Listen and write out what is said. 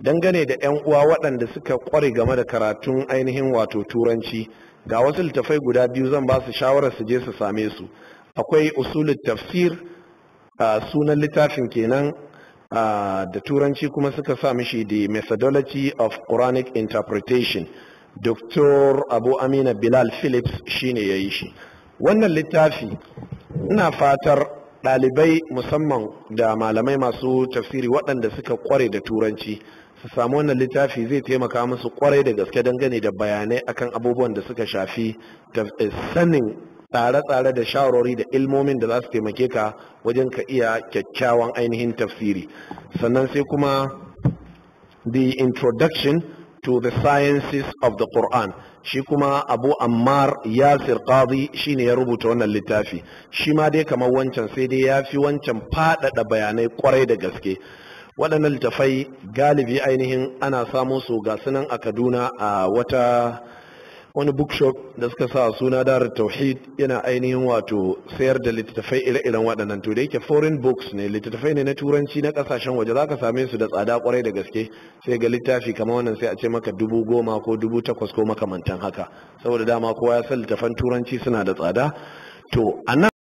dangane da 'yan uwa waɗanda suka kware game da karatun ainihin wato turanci ga wasu littafai guda biyu zan ba su shawarar su je su same su akwai usulul tafsir a sunan littafin kenan da turanci kuma suka sa mishi the methodology of quranic interpretation dr abu amina bilal phillips shine ya yi shi wannan littafi ina fatar ɗalibai musamman da malamai masu tafsiri waɗanda suka kware da turanci su samu wannan littafi zai taimaka musu kwarai da gaske dangane da bayanai akan abubuwan da suka shafi eh, sanin tsare-tsare da shawarwari da ilmomin da za su taimake ka wajen ka iya kyakkyawan ainihin tafsiri sannan sai kuma the introduction to the sciences of the Quran shi kuma Abu Ammar Yasir Qadi shine ya rubuta wannan littafi shi ma dai kamar wancan sai dai ya fi wancan faɗaɗa bayanai kwarai da gaske waɗannan littafai galibi ainihin ana samun su ga sunan a Kaduna a wata wani bookshop da suka sa suna darar tauhid yana ainihin wato sayar da littattafai ire-iren waɗannan to da yake foreign books ne littattafai ne na turanci na ƙasashen waje za ka same su da tsada kwarai da gaske sai ga littafi kamar wannan sai a ce maka dubu goma ko dubu takwas ko makamantan haka saboda dama kowa ya san littattafan turanci suna da tsada to a